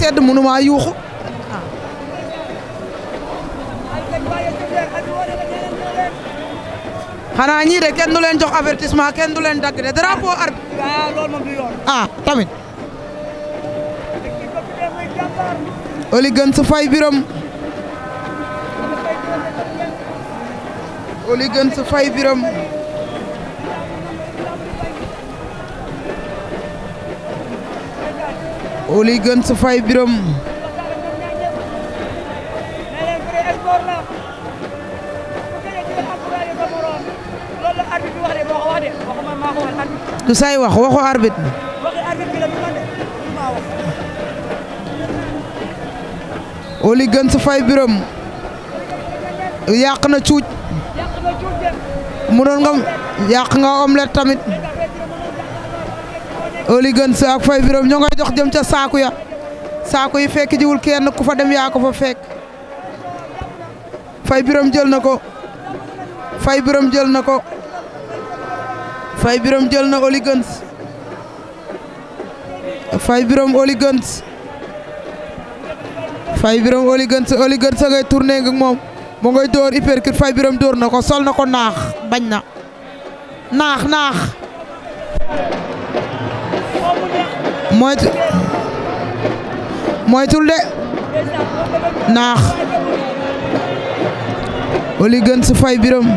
sedd mënumaa yuuxu xanaa ñii de kenn du leen jox avertissement kenn du leen dagg de drapeau arbitre ah ah tamit Oli gën su fay biram Oli gën su fay biram Oly gën Faye Birame du say wax waxu arbitre Oly Guns yàq na cuuj mu doon nga yàq nga tamit Early Guns ak Faye ñoo ngay jox jëm ca saaku ya saaku yi fekk jiwul kenn ku fa dem yaa ko fa fekk fay Birame jël na ko fay Birame jël na ko Faye Birame jël na Early Guns Faye Birame Early Guns Faye Birame Early Guns Early Guns a ngay tourné moom mu ngay dóor uppercut Faye Birame dóor na ko sol na ko naax bañ na naax naax moytu moytul de naax oli gën su biram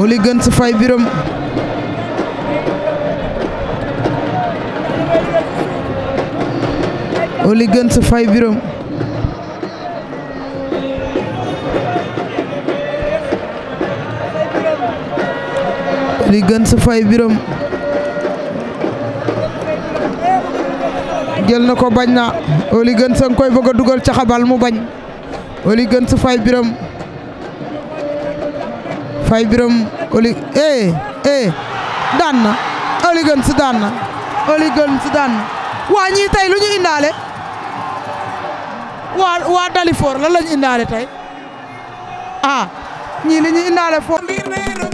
oli gën su fay gën su biram li gën su fay biram jël na ko bañ na oli gën sa koy bëgg a dugal ca xabal mu bañ oli gën su fay biram fay biram oli eh eh daan na oli gën daan na oli gën daan na waa ñii tey lu ñu indaale waa waa Dalifor lan la ñu indaale tey ah ñii li ñu indaale foofu